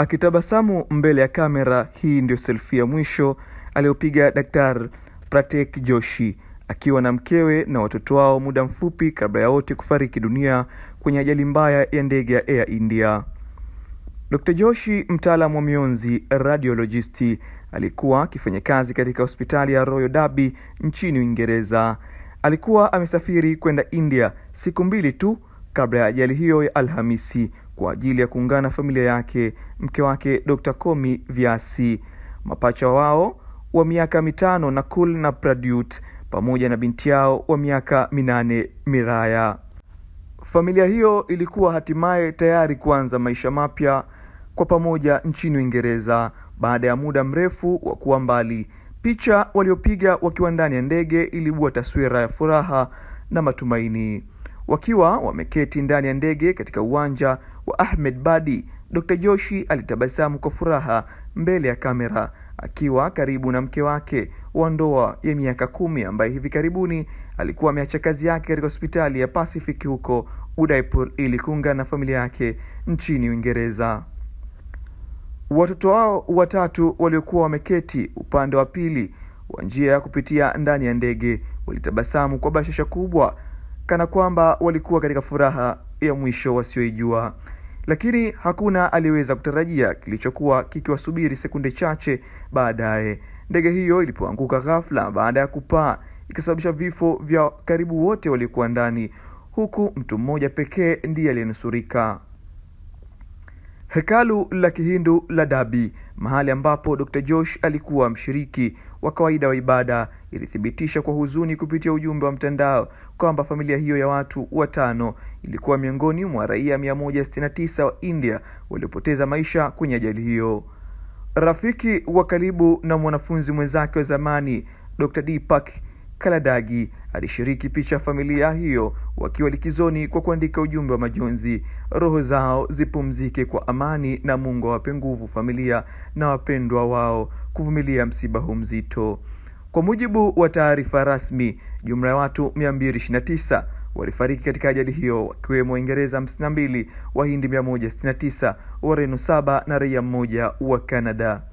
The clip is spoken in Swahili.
Akitabasamu mbele ya kamera, hii ndio selfie ya mwisho aliyopiga Daktari pratek Joshi akiwa na mkewe na watoto wao muda mfupi kabla ya wote kufariki dunia kwenye ajali mbaya ya ndege ya Air India. Dr. Joshi, mtaalamu wa mionzi radiologisti, alikuwa akifanya kazi katika hospitali ya Royal Derby nchini Uingereza. Alikuwa amesafiri kwenda India siku mbili tu kabla ya ajali hiyo ya Alhamisi kwa ajili ya kuungana na familia yake mke wake Dr. Komi Vyasi, mapacha wao wa miaka mitano Nakul na Pradyut pamoja na binti yao wa miaka minane Miraya. Familia hiyo ilikuwa hatimaye tayari kuanza maisha mapya kwa pamoja nchini Uingereza baada ya muda mrefu wa kuwa mbali. Picha waliopiga wakiwa ndani ya ndege ilibua taswira ya furaha na matumaini. Wakiwa wameketi ndani ya ndege katika uwanja wa Ahmed Badi, Dr. Joshi alitabasamu kwa furaha mbele ya kamera akiwa karibu na mke wake wa ndoa ya miaka kumi ambaye hivi karibuni alikuwa ameacha kazi yake katika hospitali ya Pacific huko Udaipur ili kuungana na familia yake nchini Uingereza. Watoto wao watatu waliokuwa wameketi upande wa pili wa njia ya kupitia ndani ya ndege walitabasamu kwa bashasha kubwa kana kwamba walikuwa katika furaha ya mwisho wasioijua, lakini hakuna aliyeweza kutarajia kilichokuwa kikiwasubiri sekunde chache baadaye. Ndege hiyo ilipoanguka ghafla baada ya kupaa, ikasababisha vifo vya karibu wote waliokuwa ndani, huku mtu mmoja pekee ndiye aliyenusurika. Hekalu la Kihindu la Dabi, mahali ambapo Dr. Josh alikuwa mshiriki wa kawaida wa ibada ilithibitisha kwa huzuni kupitia ujumbe wa mtandao kwamba familia hiyo ya watu watano ilikuwa miongoni mwa raia 169 wa India waliopoteza maisha kwenye ajali hiyo. Rafiki wa karibu na mwanafunzi mwenzake wa zamani Dr. Deepak Kaladagi alishiriki picha ya familia hiyo wakiwa likizoni kwa kuandika ujumbe wa majonzi: roho zao zipumzike kwa amani na Mungu awape nguvu familia na wapendwa wao kuvumilia msiba huu mzito. Kwa mujibu wa taarifa rasmi, jumla ya watu 229 walifariki katika ajali hiyo wakiwemo Waingereza 52, Wahindi 169, Wareno 7 na raia mmoja wa canada